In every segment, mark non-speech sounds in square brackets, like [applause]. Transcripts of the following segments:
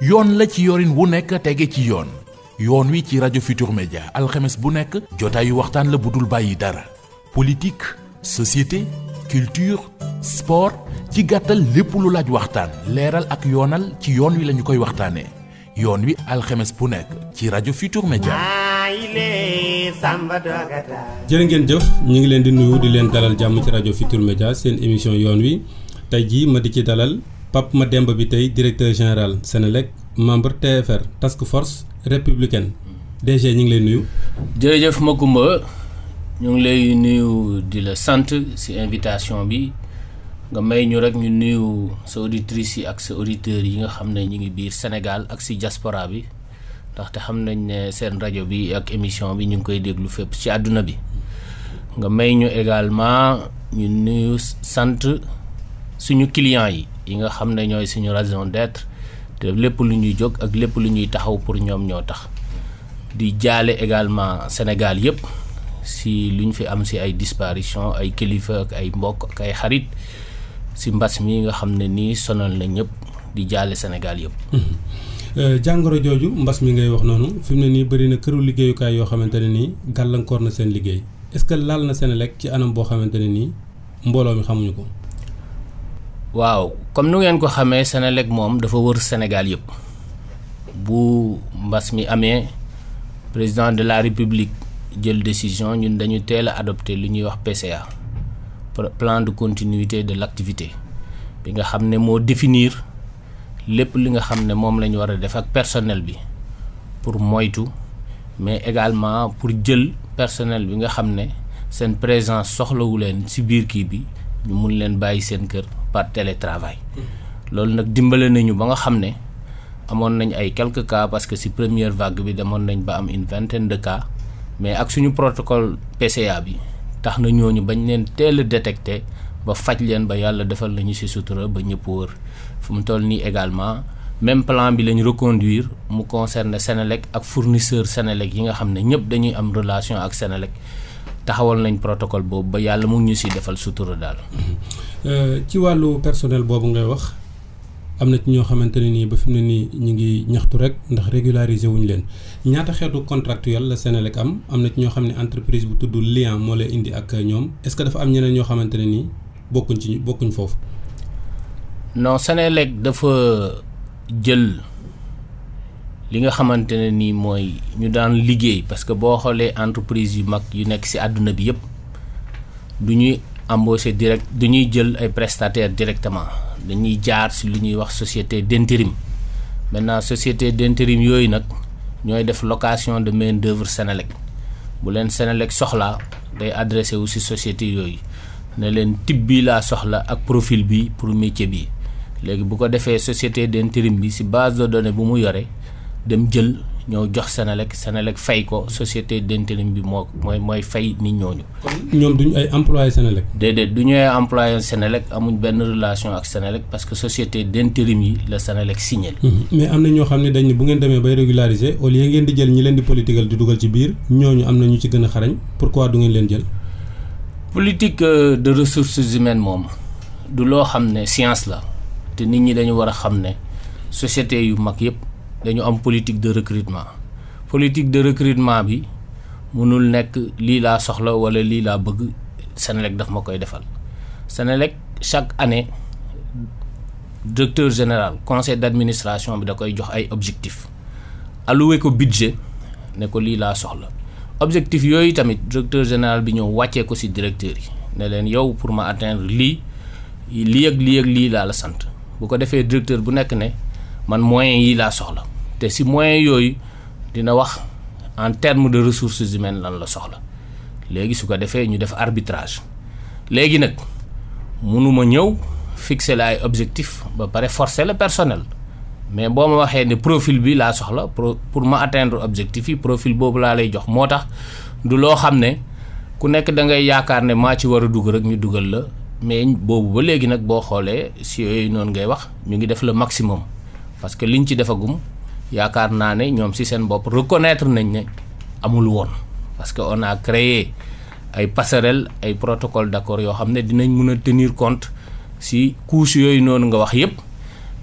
yoon la ci yorin wu nekk tege ci yoon yoon wi ci rajo Futur Media alxemes bu nekk jotaayu waxtaan la bu dul bàyyi dara politique société culture sport ci gàttal lépp lu laaj waxtaan leeral ak yoonal ci yoon wi lañu koy waxtaanee yoon wi alxames bu nekk ci rajo Futur Media. jërë ngeen jëf ñu ngi leen di nuyu di leen dalal jàmm ci rajo Futur Media seen émission yoon wi tey jii ma di ci dalal. Pap Mademba Biteye directeur général Senelec membre TFR task force républicaine hmm. DG ñu ngi lay nuyu. jërëjëf Makumba ñu ngi lay nuyu di la sant si invitation bi nga may ñu rek ñu nuyu sa auditrices yi ak sa auditeurs yi nga xam ne ñu ngi biir Sénégal ak si diaspora bi ndaxte xam nañ ne seen rajo bi ak émission bi ñu ngi koy déglu fépp ci àdduna bi nga may ñu également ñu nuyu suñu yi. yi nga xam ne ñooy suñu raison d'être te lépp lu ñuy jóg ak lépp lu ñuy taxaw pour ñoom ñoo tax di jaale également Sénégal yëpp si luñ fi am si ay disparition ay kilifa ak ay mbokk ak ay xarit si mbas mi nga xam ne nii sonal na ñëpp di jaale Sénégal yëpp. [laughs] Euh, jàngoro jooju mbas mi ngay wax noonu fi mu ne nii bëri na këru liggéeyukaay yoo xamante ne nii gàllankoor na seen liggéey est-ce que laal na Senelec ci anam boo xamante ne nii mbooloo mi xamuñu ko waaw comme nous ngeen ko dafa wër Sénégal yëpp bu mbas mi président de la république jël décision ñun dañu a PCA plan de continuité de l'activité bi nga ne définir lépp li nga ne personnel pour mais également pour personnel présence bi par télétravail loolu nag dimbale nañu ba nga xam ne amoon nañ ay quelques cas parce que si première vague bi demoon nañ ba am une vingtaine de cas mais ak suñu protocole PCA bi tax na ñooñu bañ leen teel a ba faj leen ba yàlla defal nañu si sutura ba ñëpp wër fu mu toll nii également même plan bi lañu reconduire mu concerne Senelec ak fournisseur Senelec yi nga xam ne ñëpp dañuy am relation ak Senelec taxawal nañ protocole boobu ba yàlla mu ngi ñu si defal sutura daal. Euh, ci wàllu personnel boobu ngay wax am na ci ñoo xamante ne nii ba fi mu ne nii ñu ngi ñaxtu rek ndax régulariser wuñu leen ñaata xeetu contractuel la Sénélec am am na ci ñoo xam ne entreprise bu tudd Lion moo lay indi ak ñoom est-ce que dafa am ñeneen ñoo xamante ne nii bokkuñ ci bokkuñ foofu. non Sénélec dafa jël. li nga xamante ne nii mooy ñu daan liggéey parce que boo xoolee entreprise yu mag yu nekk ci àdduna bi yëpp du ñuy embaucher direct du ñuy jël ay prestataires directement dañuy jaar si lu ñuy wax société d'intérim maintenant société d'intérim yooyu nag ñooy def location de main d'œuvre Senelec bu leen Senelec soxla day adressé wu ci société yooyu ne leen type bi laa soxla ak profil bi pour métier bi léegi bu ko defee société d'intérim bi ci base de données bu mu yore. dem jël ñoo jox Senelec Senelec fay ko société d'intérim bi moo mooy mooy fay nit ñooñu. kon ñoom duñu ay employé Senelec. déedéet du ñu ay employé Senelec amuñ benn relation ak Senelec parce que société d'intérim yi la Senelec signé. Mhm. mais am na ñoo xam ne dañ ne bu ngeen demee bay régulariser au lieu ngeen di jël ñi leen di politiqueal di dugal ci biir ñooñu am na ñu ci gën a xarañ pourquoi du ngeen leen jël. politique euh, de ressources humaines moom du loo xam ne science la te nit ñi dañu war a xam ne société yu mag yëpp. dañu am politique de recrutement politique de recrutement bi mënul nekk lii laa soxla wala lii laa bëgg Senelec daf ma koy defal Senelec chaque année directeur général conseil d'administration bi da koy jox ay objectifs alloué ko budget ne ko lii laa soxla objectif yooyu tamit directeur général bi ñëw wàccee ko ci directeur yi ne leen yow pour ma atteindre lii lii ak lii ak lii laa la sant bu ko defee directeur bu nekk ne man moyen yi laa soxla te si moyen yooyu dina wax en terme de ressources humaines lan la soxla léegi su ko ñu def arbitrage léegi nag munuma ñëw fixer la ay objectif ba pare forcer le personnel mais boo ma waxee ne profil bi laa soxla pour ma atteindre objectif yi profil boobu laa lay jox moo tax du loo xam ne ku nekk da ngay yaakaar ne maa ci war a dugg rek ñu dugal la mais boobu ba léegi nag boo xoolee si yooyu noonu ngay wax ñu ngi def le maximum parce que liñ ci defagum yaakaar naa ne ñoom si seen bopp reconnaître nañ ne amul woon parce que on a créé ay passerelle ay protocole d' accord yoo xam ne dinañ mun a tenir compte si couche yooyu noonu nga wax yépp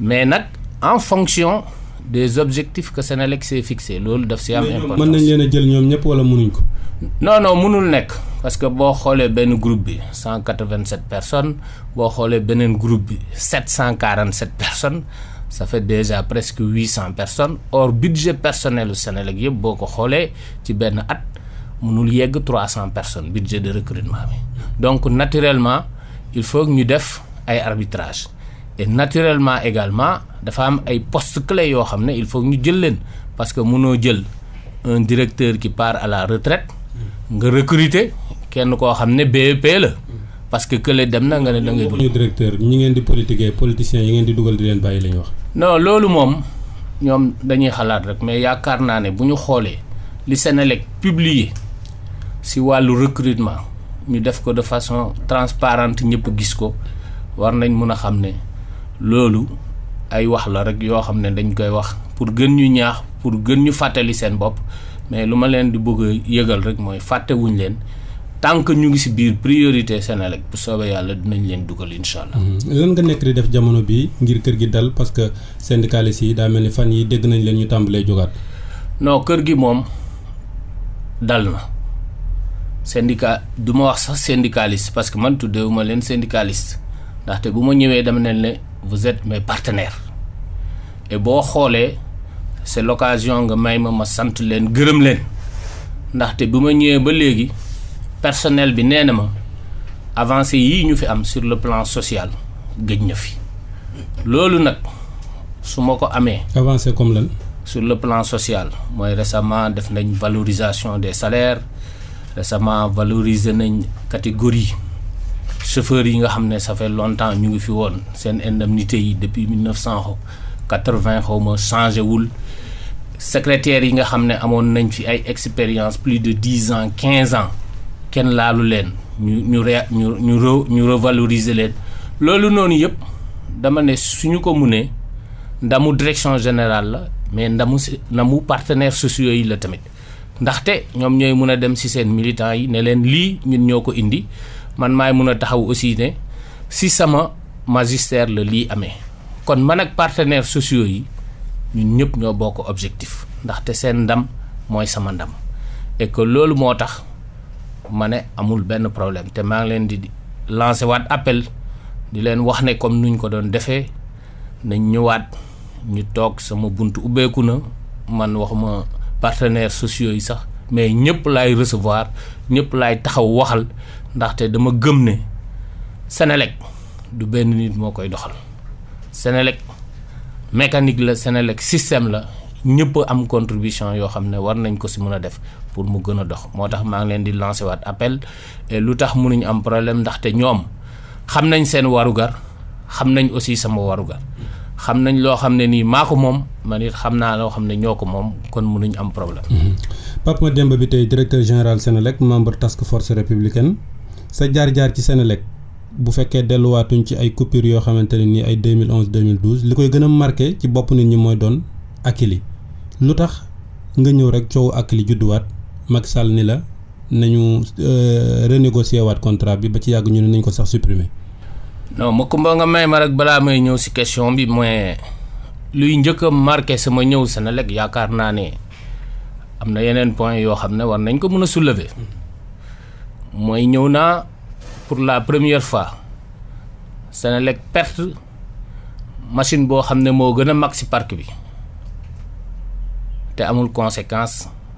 mais nag en fonction des objectifs que Sénélec s'est fixé loolu daf si am importance mën nañ leen a jël ñoom ñëpp wala mënuñ ko non non mënul nekk parce que boo xoolee benn groupe bi 187 personnes boo xoolee beneen groupe bi 747 personnes ça fait déjà presque 800 personnes or budget personnel Sénégal yëpp de 300 personnes budget de recrutement donc naturellement il faut que nous def un arbitrage et naturellement également dafa ont des postes clés il faut parce que nous avons un directeur qui part à la retraite nga recruter qui BEP parce que kële dem na nga ne da ngay. ñu directeur ngeen di politiquer politiciens yi ngeen di dugal di leen bàyyi la ñu wax. non loolu moom ñoom dañuy xalaat rek mais yaakaar naa ne bu ñu xoolee li seen Sénélec publié si wàllu recrutement ñu def ko de façon transparente ñëpp gis ko war nañ mun a xam ne loolu ay wax la rek yoo xam ne dañ koy wax pour gën ñu ñaax pour gën ñu fàttali seen bopp mais lu ma leen di bëgg a yëgal rek mooy fàttewuñ leen. tant que ñu ngi ci biir priorité Sénélec bu soobé yàlla dinañ leen dugal insha allah. Mhm. lan nga nekk di def jamono bi ngir kër gi dal parce que syndicaliste yi daa mel ni fan yi dégg nañ leen ñu tàmbalee jógaat. non kër gi moom dal na syndicat du ma wax sax syndicaliste parce que man tuddeewuma leen syndicaliste ndaxte bu ma ñëwee dama ne ne vous êtes mes partenaires et boo xoolee c' est l' occasion nga may ma ma sant leen gërëm leen ndaxte bu ma ñëwee ba léegi. personnel bi néna Avancer ma avancé yi ñu fi am sur le plan social gëj na fi loolu nag su ma ko avancé comme lan. sur le plan social mooy récemment def nañ valorisation des salaires récemment valoriser nañ catégorie chauffeurs yi nga xam ça fait longtemps ñu ngi fi woon seen indemnité yi depuis 1980 neuf changé wul secrétaires yi nga xam ne nañ fi ay expérience plus de 10 ans 15 ans kenn laalu leen ñu ñu re ñu ñu ñu revaloriser leen loolu noonu yëpp dama ne suñu ko munee ndamu direction générale la mais ndamu si ndamu partenaires sociaux yi la tamit ndaxte ñoom ñooy mun a dem si seen militants yi ne leen lii ñun ñoo ko indi man maay mun a taxaw aussi ne si sama magistère la lii amee kon man ak partenaires sociaux yi ñun ñëpp ñoo bokk objectif ndaxte seen ndam mooy sama ndam et que loolu moo tax mané amul ben problème té ma ngi len di lancer wat appel di len wax ne comme nuñ ko doon defee nañ ñëwaat ñu tok sama bunt partner na man waxuma partenaires sociaux yi sax mais ñëpp lay recevoir ñëpp lay taxaw waxal té dama gëm né sénélec du ben nit mo koy doxal sénélec mécanique la sénélec système la ñëpp am contribution yo xamné war nañ ko ci mëna def pour mu gën a dox moo tax maa ngi leen di lancer waat appel eh, lu tax mënuñ am problème ndaxte ñoom xam nañ seen warugar xam nañ aussi sama warugar xam nañ loo xam ne nii maa ko moom man it xam naa loo xam ne ñoo ko moom kon mënuñ am problème. Mhm. Pape Mademba bi tey directeur général Senelec membre task force républicaine sa jaar-jaar ci Senelec bu fekkee delluwaatuñ ci ay coupures yoo xamante ne nii ay 2011 2012 li koy gën a marqué ci bopp nit ñi mooy doon Akilee lu tax nga ñëw rek coowu Akilee judduwaat. Maxal ni la nañu euh, renégocier contrat bi ba ci yag ñu ne nañ ko sax supprimer. non nga may ma rek may ñew question bi moy luy a marqué sama point war nañ soulever pour la première fois lek perte machine bo ne gëna amul conséquence.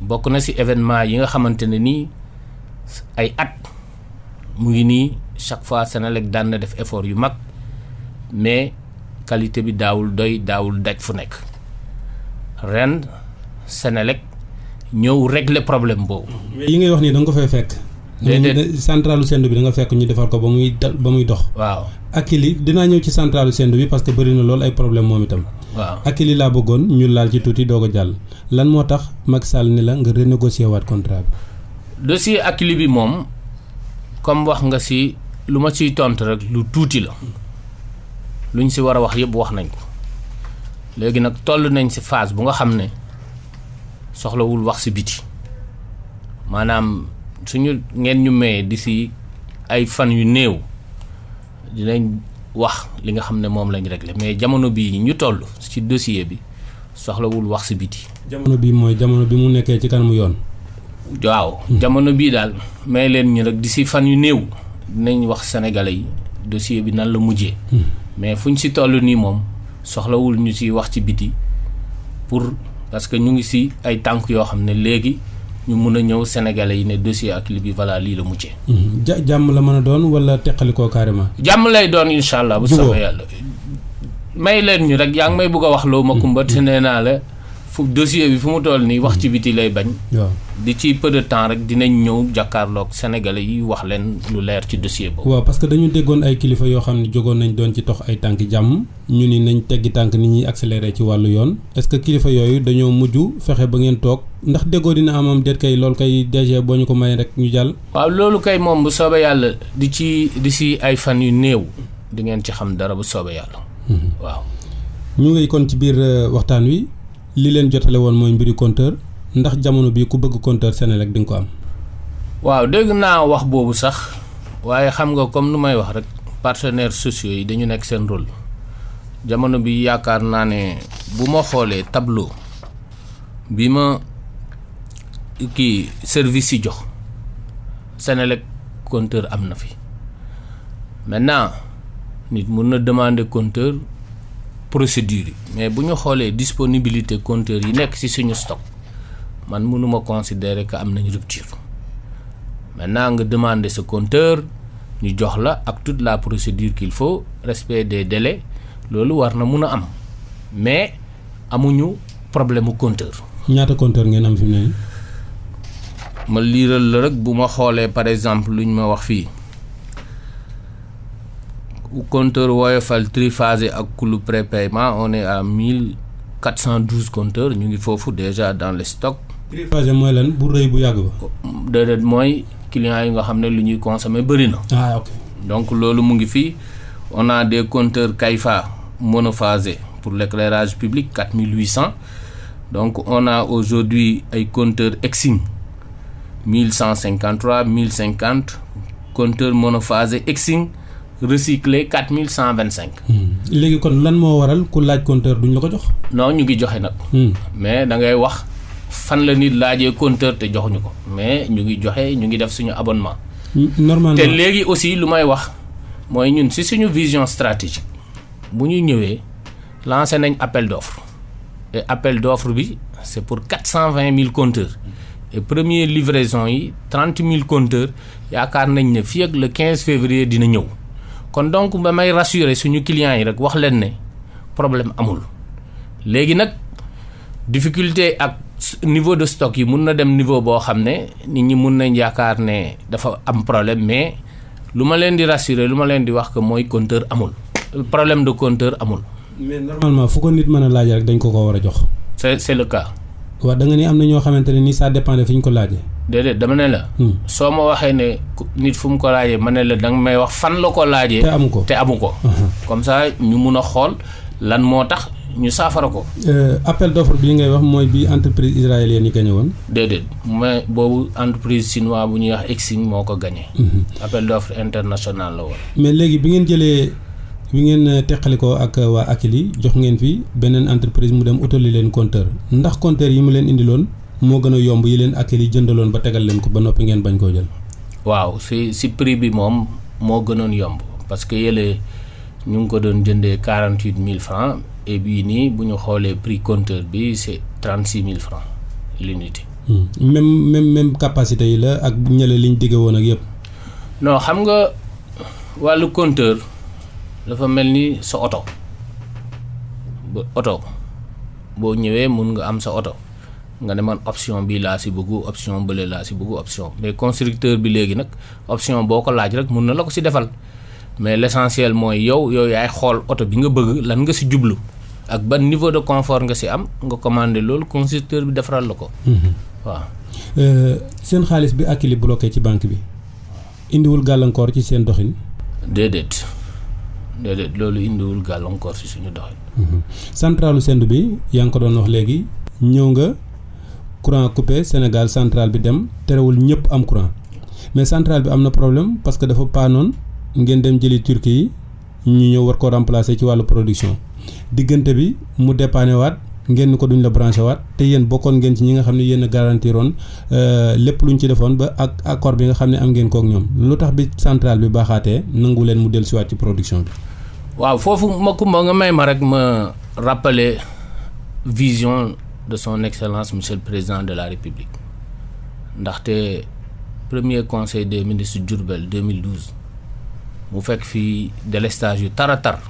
bokk na ci événement yi nga xamante ne nii ay at mu ngi nii chaque fois Senelec daan na def effort yu mag mais qualité bi daawul doy daawul daj fu nekk ren Sénégal ñëw régler problème boobu. yi ngay wax nii da nga ko fay fekk. déedéet centralu sendu bi da nga fekk ñu defar ko ba muy ba muy dox. waaw ak dinaa ñëw ci centralu sendu bi parce que bëri na lool ay problème moom itam. waaw ak laa bëggoon ñu laal ci tuuti doo ko jàll lan moo tax Macky Sall ni la nga renégocier waat contrat bi. dossier ak li bi moom comme wax nga si lu ma ciy tontu rek lu tuuti la luñ si war a wax yëpp wax nañ ko léegi nag toll nañ si phase bu nga xam ne soxlawul wax si biti maanaam suñu ngeen ñu mayee di si ay fan yu néew dinañ wax li nga xam ne moom lañ réglé mais jamono bii ñu toll ci dossier bi soxlawul wax si biti. jamono bii mooy jamono bi mu nekkee ci kanamu yoon. waaw hmm. jamono bii daal may leen ñu rek di si fan yu néew dinañ wax sénégalais yi dossier bi nan la mujjee. Hmm. mais fuñ si toll nii moom soxlawul ñu si wax ci biti pour parce que ñu ngi si ay tànk yoo xam ne léegi. ñu mun a ñëw sénégalais yi ne dossier ak li bi voilà lii la muccee. Mhm. ja jàmm la mën a doon wala teqalikoo carrément. jàmm lay doon incha allah. bu soobee yàlla may leen ñu rek yaa ngi may bëgg a wax loo ma kumba te nee naa la. fu dossier bi fu mu toll nii wax ci mm-hmm. biti lay bañ. di ci peu de temps rek dinañ ñëw jàkkaarloog sénégalais yi wax leen lu leer ci dossier boobu. waaw parce que dañu déggoon ay kilifa yoo xam ne jógoon nañ doon ci tox ay tànk jàmm ñu ni nañ teggi tànk nit ñuy accéléré ci wàllu yoon est que kilifa yooyu dañoo mujj fexe ba ngeen toog ndax déggoo dina amam déet kay loolu kay DG boo ñu ko mayee rek ñu jàll. waaw loolu kay moom bu soobee yàlla di ci di si ay fan yu néew di ngeen ci xam dara bu soobee yàlla. Mm-hmm. ñu ngi ci biir euh, waxtaan wi. li leen jotale woon mooy mbiri compteur ndax jamono bi ku bëgg compteur Senelec di nga ko am. waaw dégg naa wax boobu sax waaye xam nga comme nu may wax rek partenaires sociaux yi dañu nekk seen rôle jamono bi yaakaar naa ne bu ma xoolee tableau bi ma kii service yi jox Senelec compteur am na fi maintenant nit mun na demander compteur. procédure mais bu ñu xoolee disponibilité compteur yi nekk ci suñu stock man mënuma considérer que am nañ rupture maintenant nga demander ce compteur ñu jox la ak toute la procédure qu'il faut respect des délais loolu war na mun a am mais amuñu problème au compteur. ñaata compteur ngeen am fi ne ma liiral la rek bu ma par exemple luñ ma wax fii. Au compteur Woyofal triphasé à coulou prépaiement, on est à 1412 compteurs. Nous faut déjà dans le stock. Triphasé, mooy lan bu rëy bu yàgg ba. déedéet mooy clients yi nga xam ne ah ok donc mu ngi on a des compteurs Kaifa monophasés pour l'éclairage public 4800 donc on a aujourd'hui ay compteurs Exim 1153 1050 compteurs monophasé Exim. Recycler 4125. Mmh. Hmm. Non, nous avons dit Mais nous avons dit fan la nit laaje compteur te joxuñu ko mais ñu ngi joxe ñu ngi def suñu abonnement hmm, normalement te légui aussi lu may wax C'est ñun si une vision stratégique Nous, ñu ñëwé un appel d'offres et l'appel d'offres c'est pour 420 000 compteurs et la première livraison 30 000 compteurs Et nous ne fii le 15 février dina ñëw kon donc ba may rassurer suñu client yi rek wax leen ne problème amul léegi nag difficulté ak niveau de stock yi mun na dem niveau boo xam ne nit ñi mun nañ yaakaar ne dafa am problème mais lu ma leen di rassurer lu ma leen di wax que mooy compteur amul problème de compteur amul. mais normalement fu ko nit mën a laaj rek dañ ko ko war a jox. c'est le cas. waaw da nga ni am na ñoo xamante ne ni ça dépend de fi ñu ko laajee. déedéet dama ne la. Hmm. soo ma waxee ne nit fu mu ko laajee ma ne la danga may wax fan la ko laajee. te amu ko te amu ko. Uh-huh. comme ça ñu mun a xool lan moo tax ñu saafara ko. Euh, appel d'offre bi ngay wax mooy bi entreprise israélienne yi gagné woon. déedéet mais boobu entreprise chinoise bu ñuy wax Exim moo ko gagné. Mm-hmm. appel d'offre international la woon. mais léegi bi ngeen jëlee. mi ngeen euh, teqalikoo ak euh, waa Akilee jox ngeen fi beneen entreprise mu dem utali leen compteur ndax compteur yi mu leen indiloon moo gën a yomb yi leen Akilee jëndaloon ba tegal leen ko ba noppi ngeen bañ koo jël. waaw si si prix bi moom moo gënoon yomb parce que yële ñu ngi ko doon jëndee quarante huit mille francs et bii nii bu ñu xoolee prix compteur bi c'est trente six mille francs l'unité. Hmm. même même même capacité yi la ak ñële liñ digge woon ak yëpp. non xam nga wàllu compteur. dafa mel ni sa auto bu auto bo mun nga am sa auto nga ne man option bi la si bëggu option bëlé la si bëggu option mais constructeur bi légui nak option boko laaj rek mun na la ko si defal mais l'essentiel moy yow yow yaay xol auto bi nga bëgg lan nga si jublu ak ban niveau de confort nga si am nga commander lool constructeur bi defaral la mhm. wa euh sen xaliss bi akili bloqué ci banque bi wul gàllankoor ci sen doxine dedet déedéet loolu indiwul gàllankoor ci suñu doxin. Mhm. centrale sendu bi yang ko don wax léegi ñew nga courant coupé Sénégal centrale bi dem téréwul ñëpp am courant mais centrale bi amna problème parce que dafa non ngeen dem jëli Turquie yi ñu war ko remplacer ci walu production digënté bi mu dépanné waat ngeen ko duñ la branché waat te yeen bokkon ngeen ci ñi nga xamni yeen euh, luñ ci defoon ba ak accord bi nga xamni am ngeen ko ak ñom lutax bi centrale bi baxaté nangu leen mu ci production bi. Je voudrais ma la ma vision de son excellence monsieur le président de la république le premier conseil des ministres Djurbel 2012 il fait fi de l'estage il a tar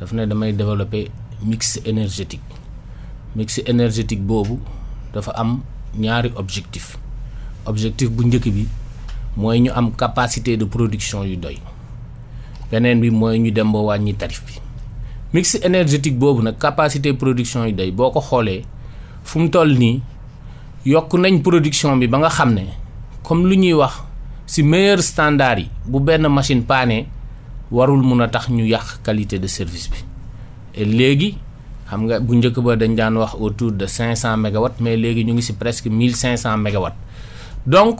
daf développer mix énergétique mix énergétique bobu dafa am ñaari objectif objectif bu de bi moy ñu am capacité de production yu doy beneen bi mooy ñu dem ba wàññi tarif bi mix énergétique boobu nag capacité production yi day boo ko xoolee fu mu toll nii yokk nañ production bi ba nga xam ne comme lu wax si meilleur standard yi bu benn machine paane warul mun a tax ñu yàq qualité de service bi et léegi xam nga bu njëkk ba dañ daan wax autour de 500 mégawatts mais léegi ñu ngi si presque 1500 mégawatts donc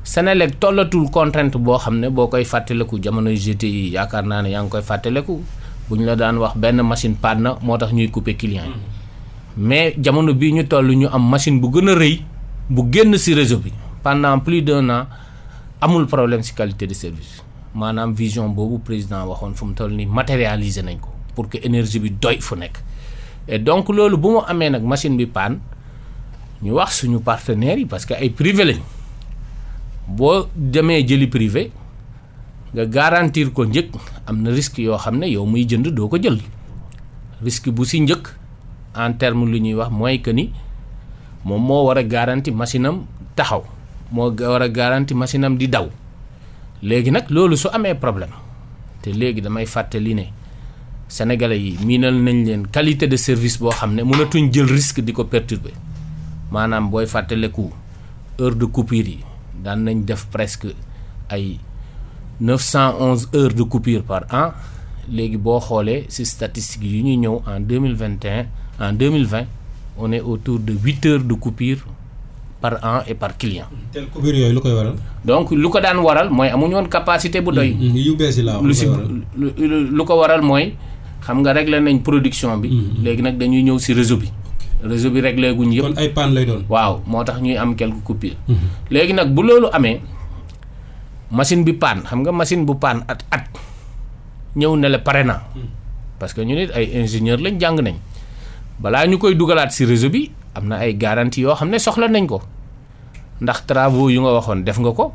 Senelec tollatul contrainte boo xam ne boo koy fàttaliku jamono GTI yaakaar naa ne yaa ngi koy fàttaliku bu ñu la daan wax benn machine panne na moo tax ñuy coupe client yi mm. mais jamono bii ñu toll ñu am machine bu gën a rëy bu génn ci réseau bi pendant plus d'un an amul problème ci qualité de service maanaam vision boobu président waxoon fu mu toll nii matérialiser nañ ko pour que énergie bi doy fu nekk et donc loolu bu mu amee nag machine bi panne ñu wax suñu partenaires yi parce que ay privé lañ boo demee jëli privé nga garantir ko njëkk am na risque yoo xam ne yow muy jënd doo ko jël risque bu si njëkk en terme lu ñuy wax mooy que ni moom moo war a garanti machine am taxaw moo war a garanti machine am di daw léegi nag loolu su amee problème te léegi damay li ne sénégalais yi miinal nañ leen qualité de service boo xam ne mënatuñ jël risque di ko perturber maanaam booy fàttaliku heure de coupure yi dans nañ presque ay 911 heures de coupure par an les bo xolé ci statistiques yi ñu en 2021 en 2020 on est autour de 8 heures de coupure par an et par client donc lu ko waral moy amuñu capacité bu doy mm-hmm. Mm-hmm. yu bess la lu ko waral moy xam nga rek nañ production bi mm-hmm. légui de dañuy ñëw ci réseau réseau bi réglé guñ yëpp. ay panne lay doon. waaw moo tax ñuy am quelque coupures. Mhm. léegi nag bu loolu amee machine bi panne xam nga machine bu panne at at ñëw ne la pare na. Mhm. parce que ñu nit ay ingénieur lañ jàng nañ balaa ñu koy dugalaat si réseau bi am na ay garantie yoo xam ne soxla nañ ko ndax travaux yu nga waxoon def nga ko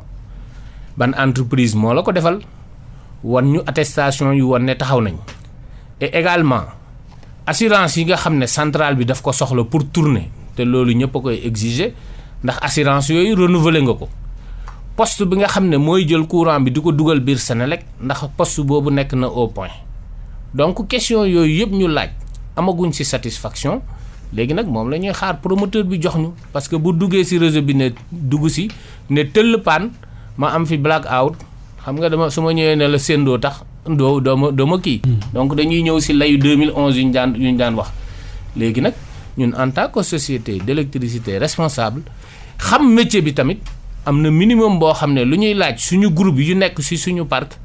ban entreprise moo la ko defal wan ñu attestation yu wan ne taxaw nañ et assurance yi nga xam ne centrale bi daf ko soxla pour tourner te loolu ñëpp a koy exiger ndax assurance yooyu renouveler nga ko poste bi nga xam ne mooy jël courant bi di ko dugal biir Senelec ndax poste boobu nekk na au point donc question yooyu yëpp ñu laaj amaguñ ci satisfaction léegi nag moom la ñuy xaar promoteur bi jox ñu parce que bu duggee si réseau bi ne dugg si ne tëll paan ma am fi black out xam nga dama su ma ñëwee ne la séndoo tax doo doo ma doo kii. Hmm. donc dañuy ñëw si layu 2011 yu ñu daan yu ñu daan wax. léegi nag ñun en tant que société d' électricité responsable xam métier bi tamit am na minimum boo xam ne lu ñuy laaj suñu groupe yu nekk si suñu parc.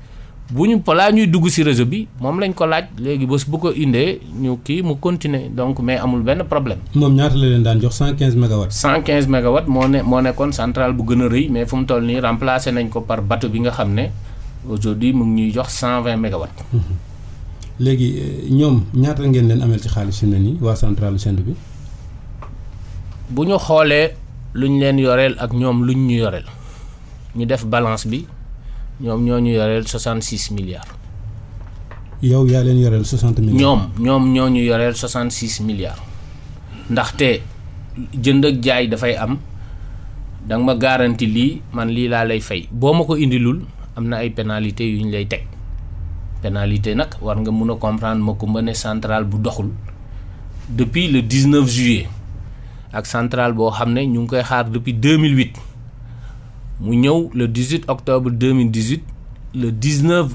bu ñu polaa ñuy dugg si réseau bi moom lañ ko laaj léegi bés bu ko indee ñu kii mu continuer donc mais amul benn problème. moom ñaata la leen daan jox cent quinze mégawatts. cent quinze mégawatts moo ne moo nekkoon centrale bu gën rëy mais fu mu toll nii remplacé nañ ko par bateau bi nga xam ne. aujourd'hui mu ngi ñuy jox cent vingt [laughs] léegi euh, ñoom ñaata ngeen leen amel ci xaalis fi mu ne nii waa centrale Sendou bi. bu ñu xoolee lu luñ leen yoreel ak ñoom luñ ñu yoreel ñu def balance bi ñoom ñoo ñu yoreel soixante six milliards. yow yaa leen yoreel soixante ñoom ñoom ñoo ñu yoreel soixante six milliards. ndaxte jënd ak jaay dafay am danga ma garanti lii man lii laa lay fay boo ma ko indilul. y ay pénalité yu ñu lay pénalité nak war nga mëna comprendre mako kumba centrale bu doxul depuis le 19 juillet ak centrale bo xamné ñu ngi koy xaar depuis 2008 mu ñëw le 18 octobre 2018 le 19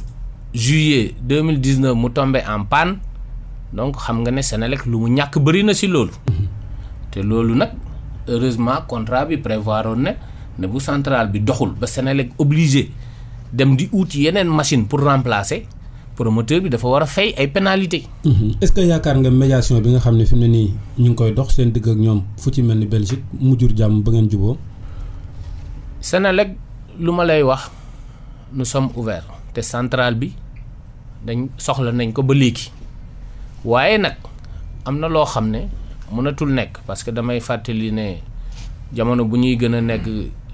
juillet 2019 mu tombé en panne donc xam nga né Senelec lu mu ñàkk bëri na ci té loolu nak heureusement contrat bi que ne ne bu centrale bi doxul ba Senelec obligé dem di uut yenen machine pour remplacer promoteur bi dafa war a fay ay pénalité mhm. est-ce que yaakaar nga médiation bi nga xam ne fi mu ne nii ñu ngi koy dox seen digg ak ñoom fu ci mel ni Belgique mu jur jàmm ba ngeen juboo Senelec lu ma lay wax nous sommes ouverts te central bi dañ soxla nañ ko ba léegi waaye nag am na loo xam ne mënatul nekk parce que damay fàttali ne jamono bu ñuy gën a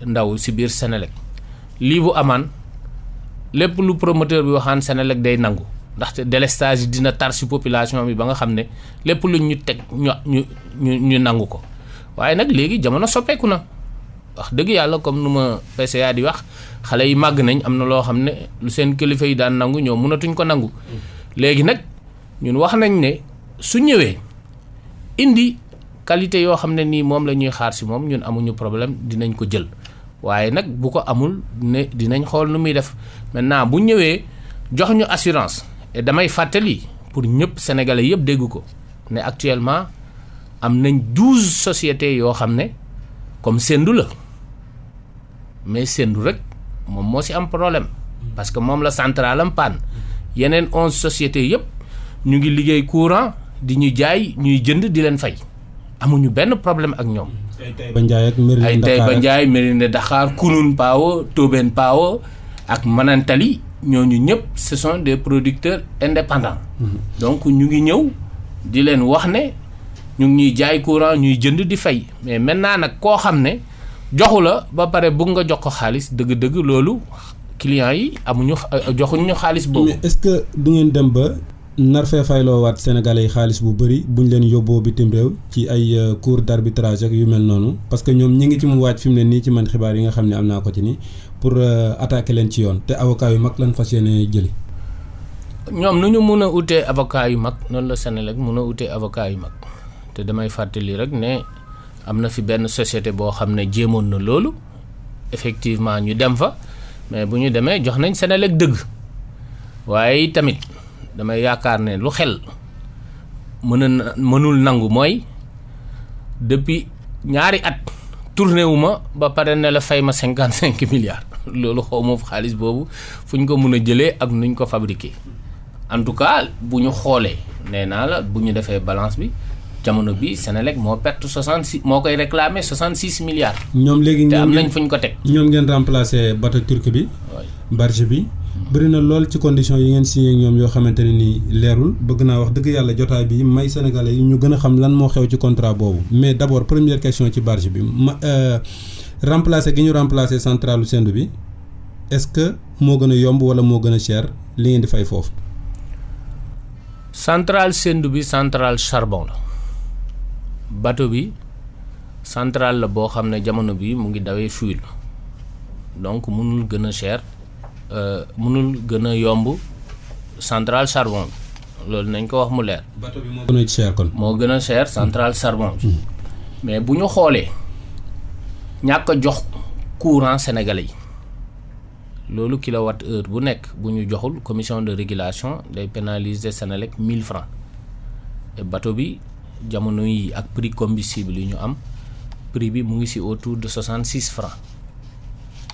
ndaw si biir Senelec lii bu amaan lépp lu promoteur bi waxaan Senelec day nangu ndaxte délestage dina tar ci population bi ba nga xam ne lépp luñ ñu teg ñu ñu ñu ñu nangu ko waaye nag léegi jamono soppeeku na wax dëgg yàlla comme nu ma PCA di wax xale yi màgg nañ am na loo xam ne lu seen kilifa yi daan nangu ñoo mënatuñu ko nangu. léegi nag ñun wax nañ ne su ñëwee indi qualité yoo xam ne nii moom la ñuy xaar si moom ñun amuñu problème dinañ ko jël. waaye nag bu ko amul ne dinañ xool nu muy def maintenant bu ñëwee jox ñu assurance damay fàttali pour ñëpp sénégalais yëpp dégg ko ne actuellement am nañ douze société yoo xam ne comme Sendou la mais séndu rek moom moo ci am problème parce que moom la centrale am panne yeneen onze société yëpp ñu ngi liggéey courant di ñu jaay ñuy jënd di leen fay amuñu benn problème ak ñoom ay Taïba Ndiaye ak Mérina Dakhar ay Taïba Ndiaye Mérina Dakhar Kounoune Pawo Tobène Pawo ak Manantali ñooñu ñëpp ce sont des producteurs indépendants. Mhm. donc ñu ngi ñëw di leen wax ne ñu ngi ñuy jaay courant ñuy jënd di fay mais maintenant nag koo xam ne joxu la ba pare bëgg nga jox ko xaalis dëgg-dëgg loolu clients yi amuñu joxuñu xaalis boobu. est-ce que du ngeen dem ba nar fee fayloowaat sénégalais yi xaalis bu bëri buñ leen yóbboo bitim réew ci ay euh, cours d'arbitrage ak yu mel noonu parce que ñoom ñi ngi ci mu waaj fi mu ne nii ci man xibaar yi nga xam ne am naa ko ci nii pour euh, attaquer leen ci yoon te avocat yu mag lan fas yéene jëli. ñoom nu mun a utee avocat yu mag noonu la Sénégal mun a utee avocat yu mag te damay fàttali rek ne am na fi benn société boo xam ne jéemoon na loolu effectivement ñu dem fa mais bu ñu demee jox nañ Sénégal dëgg waaye tamit. damay yaakaar ne lu xel mën a mënul nangu mooy depuis ñaari at tourné wu ma ba pare ne la fay ma cinquante cinq [laughs] milliards loolu xaw ma xaalis boobu fu ñu ko mën a jëlee ak nuñ ko fabriqué en tout cas bu ñu xoolee nee naa la bu ñu defee balance bi jamono bi Senelec moo perte soixante moo koy réclamé soixante six milliards. ñoom léegi te am nañ fu ñu ko teg. ñoom ngeen remplacé bateau turc bi. barge bi. bëri na lool ci condition yi ngeen signé ak ñoom yoo xamante ni nii leerul bëgg naa wax dëgg yàlla jotaay bi may sénégalais yi ñu gën a xam lan moo xew ci contrat boobu mais d'abord première question ci barge bi ma euh, remplacer gi ñu remplacer centrale Sendou bi est-ce que moo gën a yomb wala moo gën a cher li ngeen di fay foofu. centrale Sendou bi centrale charbon la bateau bi centrale la boo xam ne jamono bi mu ngi dawee fuel donc mënul gën a cher. Euh, mënul gën a yomb centrale charbon bi loolu nañ ko wax mu leer. bateau moo gën a cher centrale charbon bi. Hmm. mais bu ñu xoolee ñàkk jox courant sénégal yi. loolu kilowatt heure bu nekk bu ñu joxul commission de régulation day pénaliser Senelec mille francs te bateau bi jamono yi ak prix combustible yi ñu am prix bi mu ngi ci autour de 66 francs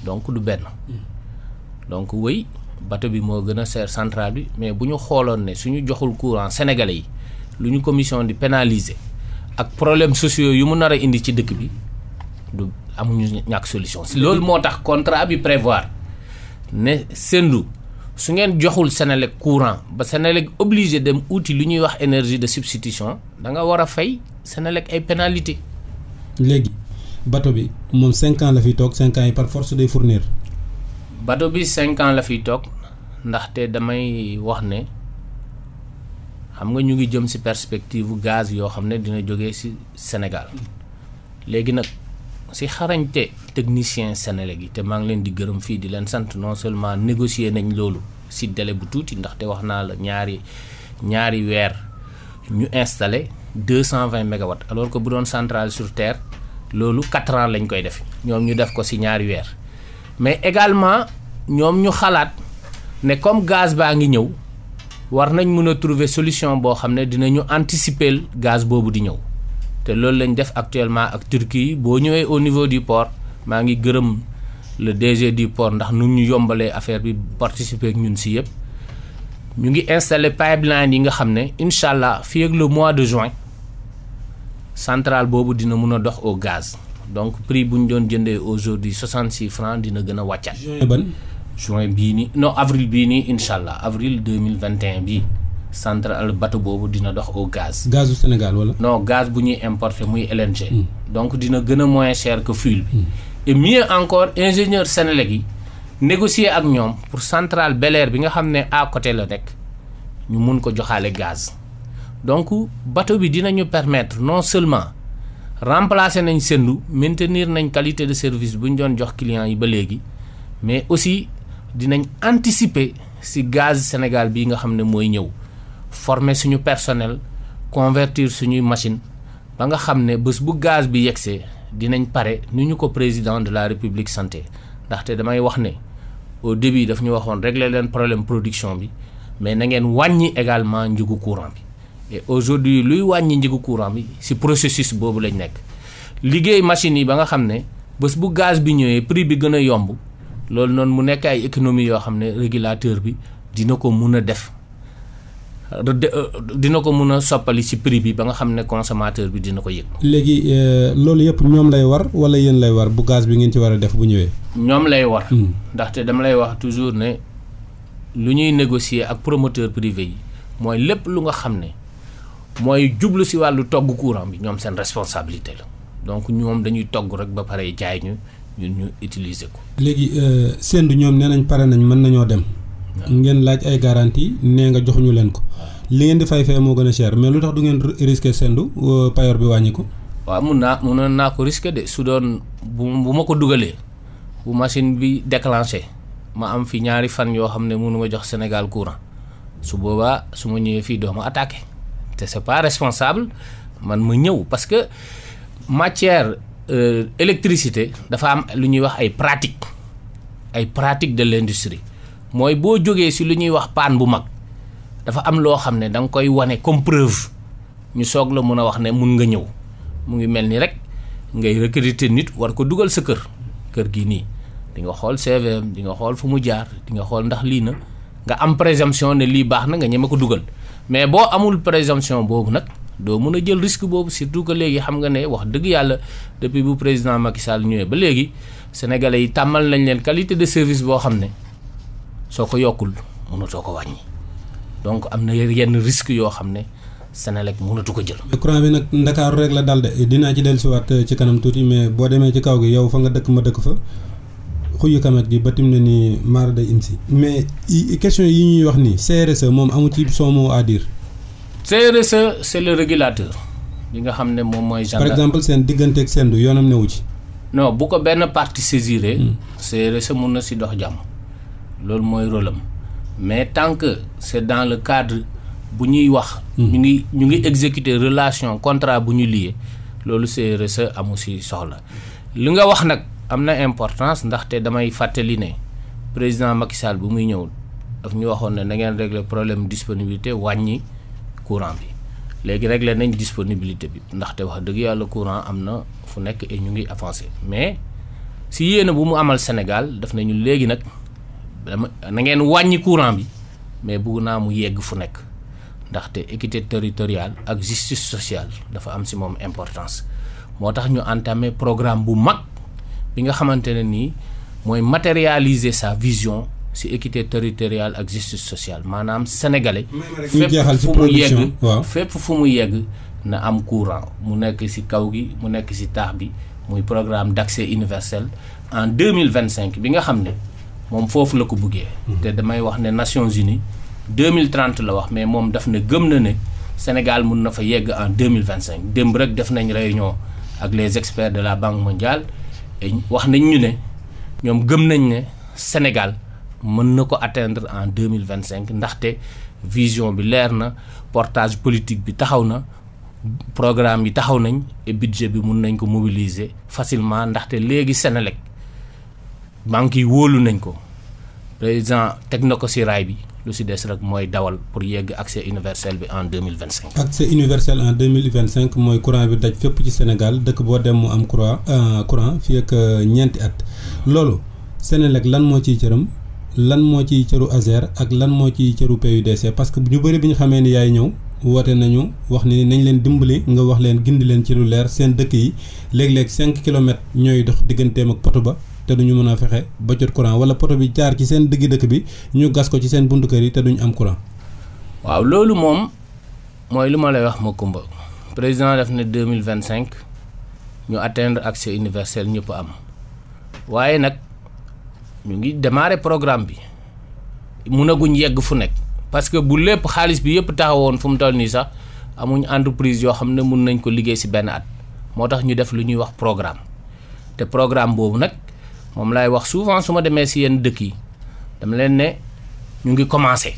donc du benn. Hmm. donc oui, bateau bi moo gën a seer bi mais bu ñu xooloon ne suñu joxul courant sénégalais yi lu ñu commission di pénaliser ak problème sociaux yu mu nar a indi ci dëkk bi du amuñu ñàkk solution si loolu moo tax contrat bi prévoir ne sendu su ngeen joxul sénégal courant ba sénégal obligé dem outil lu ñuy wax énergie de substitution da nga war a fay Senelec ay pénalité léegi bateau bi moom cinq ans la fi toog cinq ans yi par force day fournir bado bi cinq ans la fiy toog ndaxte damay wax ne xam nga ñu ngi jëm si perspective gaz yoo xam ne dina jóge si Sénégal léegi nag si xarañte technicien sénégalais yi te maa ngi leen di gërëm fii di leen sant non seulement négocier nañ loolu si délai bu tuuti ndaxte wax naa la ñaari ñaari weer ñu installé deux cent vingt mégawatts alors que bu doon centrale sur terre loolu quatre ans lañ koy def ñoom ñu def ko si ñaari weer. mais également ñom ñu xalat ne comme gaz baa ngi ñëw war nañ mëna trouver solution bo xamné dinañu anticiper gaz bobu di ñew té loolu lañ def actuellement ak Turquie bo ñëwee au niveau du port maa ngi le DG du port ndax nu ñu yombalé affaire bi participer ak ñun si yépp ñu ngi installer pipeline yi nga xamné inshallah fi ak le mois de juin centrale bobu dina mëna dox au gaz donc prix buñ doon jëndee aujourd'hui 66 francs dina gën a wàccaat. juin bii nii non avril bii nii incha avril 2021 bii centrale bateau boobu dina dox au gaz. Gaz gazu Sénégal wala. non gaz bu ñuy importer muy LNG. Hmm. donc dina gën a moins cher que fuel bi. Hmm. et mieux encore ingénieur sénégalais yi négocier ak ñoom pour centrale Bel Air bi nga xam ne à côté la nekk ñu mun ko joxaale gaz donc bateau bi dinañu permettre non seulement remplacer nañ sendu maintenir nañ qualité de service pour les clients yi ba mais aussi anticiper si gaz Sénégal bi nga xam ne former suñu personnel convertir suñuy machines. ba nga xam ne bu gaz bi yegsee dinañ pare ni ko président de la république santé ndaxte damay wax ne au début nous ñu waxoon régler leen problème production bi mais nous ngeen wàññi également de courant et aujourd'hui luy wàññi njëgu courant bi ci processus boobu lañ nekk liggéey machine yi ba nga xam ne bés bu gaz bi ñëwee prix bi gën a yomb loolu noonu mu nekk ay économie yoo xam ne régulateur bi dina ko mun a def dina ko mun a soppali ci prix bi ba nga xam ne consommateur bi dina ko yëg. léegi euh, loolu yëpp ñoom lay war walla yéen lay war bu gaz bi ngeen ci war a def bu ñëwee. ñoom lay war. Hmm. ndaxte dama lay wax toujours ne lu ñuy négocier ak promoteur privé yi mooy lépp lu nga xam ne. mooy jublu si wàllu togg courant bi ñoom seen responsabilité la donc ñoom dañuy togg rek ba pare jaay ñu ñun ñu utiliser ko. léegi euh, sendu ñoom nee nañ pare nañ mën nañoo dem. ngeen laaj ay garantie nee nga joxuñu leen ko. li ngeen di fay fay moo gën a cher mais lu tax du ngeen risquer sendu payor bi wàññi ko. waaw mun naa munoon naa ko risquer de su doon bu bu ma ko dugalee bu machine bi déclenché ma am fi ñaari fan yoo xam ne mënu ma jox Sénégal courant su boobaa su ma ñëwee fii doo ma attaqué te c'est pas responsable man ma ñëw parce que matière euh, électricité dafa am lu ñuy wax ay pratique ay pratique de l'industrie mooy boo jógee si lu ñuy wax paan bu mag dafa am loo xam ne da nga koy wane comme preuve ñu soog la mun a wax ne mun nga ñëw mu ngi mel ni rek ngay recruter nit war ko dugal sa kër kër gi nii di nga xool CVM di nga xool fu mu jaar di nga xool ndax lii na nga am présomption ne lii baax na nga ñeme ko dugal mais boo amul présomption boobu nag doo mun a jël risque boobu surtout que léegi xam nga ne wax dëgg yàlla depuis bu président Macky Sall ñëwee ba léegi sénégalais yi tàmmal nañ leen qualité de service boo xam ne soo ko yokkul mënatoo ko wàññi donc am na yenn risque yoo xam ne Senelec mënatu ko jël. courant bi nag Ndakaaru rek la dal de dinaa ci dellusiwaat ci kanam tuuti mais boo demee ci kaw gi yow fa nga dëkk ma dëkk fa. xuyu kamat gi ba tim na ni maar imsi mais question yi ñuy wax ni CRSE moom amu ci son mot à dire. CRSE c'est le régulateur. bi nga xam ne moom mooy. gendarme par exemple seen diggante ak seen yoonam newu ci. non bu ko benn parti saisiré. Hmm. CRSE mun na si dox jàmm. loolu mooy rôle mais tant que c'est dans le cadre bu ñuy wax. Hmm. ñu ngi ñu ngi exécuter relation contrat bu ñu liggéey loolu CRSE amu si soxla li nga wax nag. am na importance ndaxte damay fàttali ne président Macky Sall bu muy ñëw daf ñu waxoon ne na ngeen régler problème disponibilité wàññi courant bi léegi régler nañ disponibilité bi ndaxte wax dëgg yàlla courant am na fu nekk et ñu ngi avancé mais si yéene bu mu amal Sénégal daf nañu léegi nag dama na ngeen wàññi courant bi mais bëgg naa mu yegg fu nekk ndaxte équité territoriale ak justice sociale dafa am si moom importance moo tax ñu entamé programme bu mag. bi nga xamantene ni, nii mooy matérialiser sa vision si équité territoriale ak justice sociale maanaam sénégalais. fépp fu mu yegg fépp fu mu yegg na am courant mu nekk si kaw gi mu nekk si taax bi muy programme d'accès universel en 2025. bi nga xam ne moom foofu la ko buggee. Mm-hmm. te damay wax ne Nations Unies 2030 la wax mais moom daf ne gëm na ne Sénégal mun na fa yegg en 2025. mille démb rek def nañ réunion ak les experts de la Banque mondiale wax nañ ñu ne ñoom gëm nañ ne Sénégal mën na ko atteindre en 2025, mille ndaxte vision bi leer na portage politique bi taxaw na programme yi taxaw nañ et budget bi mun nañ ko mobiliser facilement ndaxte léegi Sénélec banque yi wóolu nañ ko président teg na ko raay bi lu si des rek mooy dawal pour yegg accès universel en 2025. accès universel en 2025, courant bi daj fépp ci Sénégal dëkk boo dem mu am courant euh, ak euh, at loolu Sénélec lan lan moo ciy ak lan moo ciy parce que ñu bëri bi ñu ni yaay ñëw. woote nañu wax ni nañ leen dimbali nga wax leen gindi leen ci lu leer seen yi 5 kilomètres dox té duñu mëna fexé ba jot courant wala poto bi jaar ci seen dëgg dëkk bi ñu gas ko ci seen buntu kër yi té duñu am courant. waaw loolu moom mooy lu ma lay wax Macoumba président def na 2025 ñu atteindre accès universel ñëpp am waaye nag ñu ngi démarrer programme bi mënaguñ yegg fu nekk parce que bu lépp xaalis bi yëpp taxawoon fu mu toll nii sax amuñ entreprise yoo xam ne mun nañ ko liggéey ci benn at moo tax ñu def lu ñuy wax programme te programme boobu nag. moom laay wax souvent su ma demee si yenn dëkk yi dama leen ne ñu ngi commencé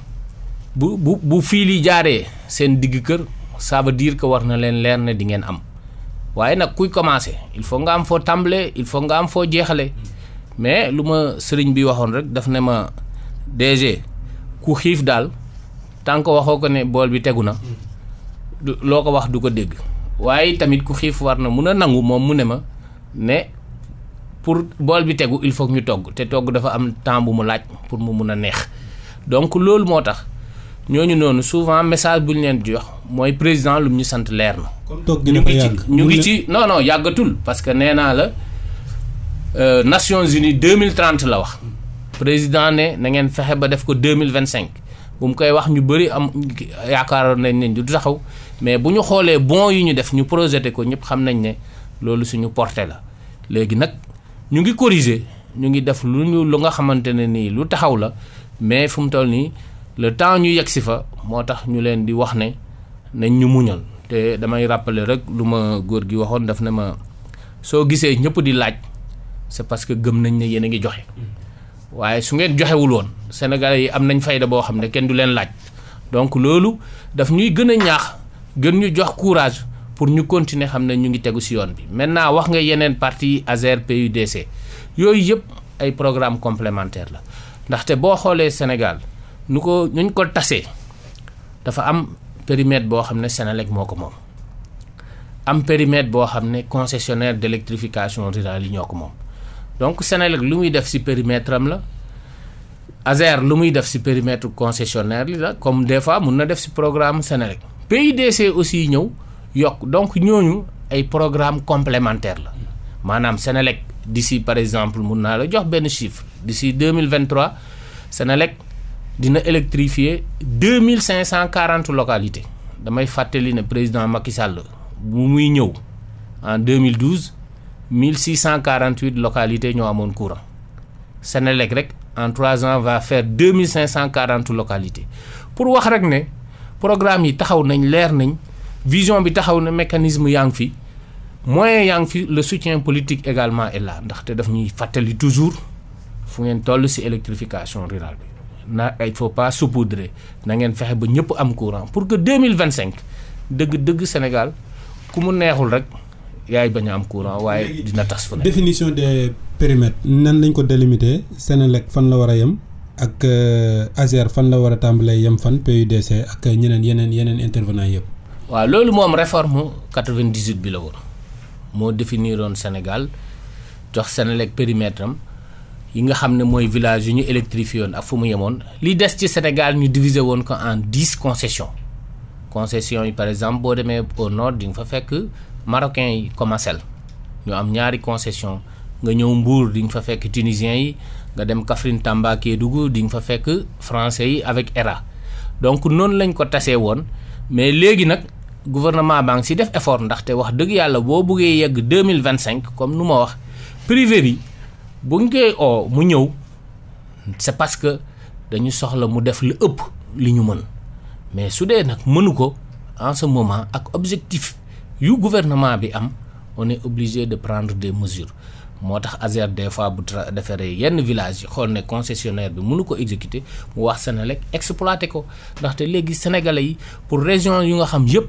bu bu bu fii li jaaree seen diggu kër ça veut ko war na leen leer ne di ngeen am waaye nag kuy commencé il faut nga am foo tàmbalee il faut nga am foo jeexale mais lu ma sëriñ bi waxoon rek daf ne ma DG ku xiif daal tant que waxoo ko ne bool bi tegu na loo ko wax du ko dégg waaye tamit ku xiif war na mun a nangu moom mu ne ma ne pour bol bi tegu il faut ñu togg te togg dafa am temps bu mu laaj pour mu mun a neex donc loolu moo tax ñooñu noonu souvent message bu ñu leen di jox mooy président lu ñu sant leer na. ñu ngi ci ñu ngi ci non non yàggatul parce que nee naa la euh, Nations Unies 2030 la wax président ne na ngeen fexe ba def ko 2025 bu mu koy wax ñu bëri am yaakaaroon nañ ne du taxaw mais bu ñu xoolee bon yi ñu def ñu projeté ko ñëpp xam nañ ne loolu suñu porté la léegi nag. ñu ngi corriger ñu ngi def lu ñu lu nga xamante ne nii lu taxaw la mais fu mu toll nii le temps ñu yegg si fa moo tax ñu leen di wax ne nañ ñu muñal te damay rappeler rek lu ma góor gi waxoon daf ne ma soo gisee ñëpp di laaj c'est parce que gëm nañ ne yéen a ngi joxe waaye su ngeen joxewul woon Sénégalais yi am nañ fayda boo xam ne kenn du leen laaj donc loolu daf ñuy gën a ñaax gën ñu jox courage pour ñu continuer xam ne ñu ngi tegu ci yoon bi maintenant wax nga yeneen parti ASER PUDC yooyu yëpp ay programme complémentaire la ndaxte boo xoolee Sénégal nu ko ñu ko tasee dafa am périmètre boo xam ne Sénélec moo ko moom am périmètre boo xam ne concessionnaire d'électrification rurale yi ñoo ko moom donc Sénélec lu muy def ci périmètre am la ASER lu muy def ci périmètre concessionnaire li la comme des fois mun na def ci programme Sénélec PUDC aussi ñëw Donc, nous avons un programme complémentaire Madame Sénélec d'ici par exemple je naa la jox chiffre d'ici 2023, Sénélec dina électrifier 2540 localités damay fàttali président Macky Sall en 2012, 1648 localités ñoo courant Sénélec en trois ans va faire 2540 localités pour wax rek ne programme yi taxaw vision bi taxaw na mécanisme yaa ngi fi moyen yaa ngi fi le soutien politique également est là ndaxte daf ñuy fàttali toujours fu ngeen toll ci électrification rurale bi na il faut pas saupoudrer na ngeen fexe ba ñëpp am courant pour que 2025 dëgg-dëgg Sénégal ku mu neexul rek yaay bañ a am courant waaye dina tas définition des périmètres nan lañ ko délimiter Sénélec fan la war a yem. ak euh, ASER fan la war a tàmbalee yem fan PUDC ak ñeneen yeneen yeneen intervenants yëpp waaw loolu moom réforme 98 bi la woon moo définiroon Sénégal jox Sénélec périmètre am yi nga xam ne mooy village yu ñu électrifié On ak fu mu yemoon li des ci Sénégal ñu diviser woon ko en 10 concessions concessions yi par exemple boo demee au nord di nga fa fekk marocain yi Comacel ñu am ñaari concession nga ñëw Mbour di nga fa fekk tunisien yi nga dem Kaffrine Tamba Kédougou di nga fa fekk français yi avec ERA donc noonu lañ ko tasee woon mais léegi nag. gouvernement baa ngi si def effort ndaxte wax dëgg yàlla boo buggee yegg deux mille vingt cinq comme nu ma wax privé bi buñ koy oo mu ñëw c'est parce que dañu soxla mu def lu ëpp li ñu mën mais su dee nag mënu ko en ce moment ak objectif yu gouvernement bi am on est obligé de prendre des mesures moo tax ASER des fois bu defaree yenn village yi xool ne concessionnaire bi mënu ko exécuter mu wax Senelec exploité ko ndaxte léegi sénégalais yi pour région yu nga xam yëpp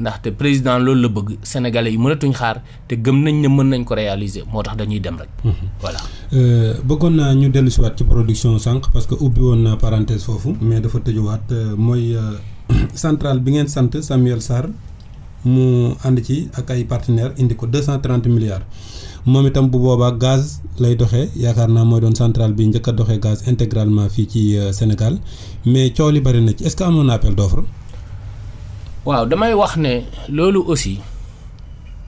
ndaxte président loolu la bëgg sénégalais yi mënatuñ xaar te gëm nañ ne mën nañ ko réaliser moo tax dañuy dem rek. Mhm. voilà. Euh, bëggoon naa ñu dellu si ci production sànq parce que ubbi woon naa parenthèse foofu mais dafa tëjuwaat euh, mooy euh, [clears throat] centrale bi ngeen sant Samuel Sarr mu ànd ci ak ay partenaires indi ko 230 milliards. moom itam bu boobaa gaz lay doxee yaakaar naa mooy doon centrale bi njëkk doxe gaz intégralement fii ci Sénégal mais coow li bari na ci est-ce que amoon appel d'offre waaw damay wax ne loolu aussi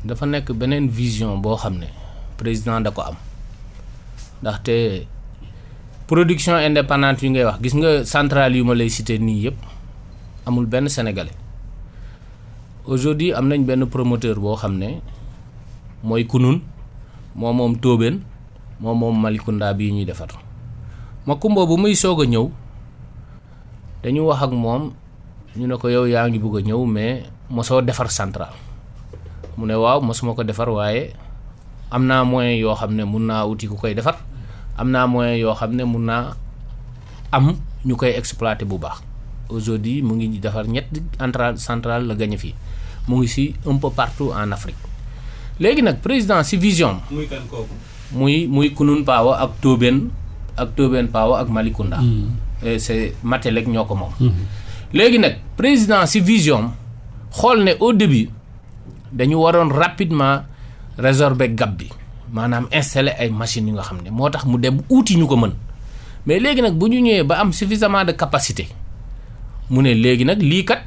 dafa nekk beneen vision boo xam ne président da ko am ndaxte production indépendante yu ngay wax gis nga centrale yu ma lay cité nii yëpp amul benn sénégalais aujourd'hui am nañ benn promoteur boo xam ne mooy kunun moo moom Tóobén moo moom Malicounda bii ñuy defar Makumba bu muy soog a ñëw dañu wax ak moom. ñu ne ko yow yaa ngi bëgg a ñëw mais mosoo defar central mu ne waaw mosuma ko defar waaye am naa moyen yoo xam ne mun naa ku koy defar am naa moyen yoo xam ne mun naa am ñu koy exploiter bu baax aujourd'hui mu ngi defar ñett central central la gagné fii mu ngi si un peu partout en Afrique léegi nag président si vision muy kan kooku muy muy kunun paawa ak Toben ak Toben paawa ak Malikunda mm. Mm-hmm. est Matelek ñoo ko moom mm-hmm léegi nag président si vision xool né au début dañu waroon rapidement résorber gab bi maanaam installer ay machine yu nga xam ne mu dem uuti ñu ko mën mais léegi nag bu ñu ba am suffisamment de capacité mu kat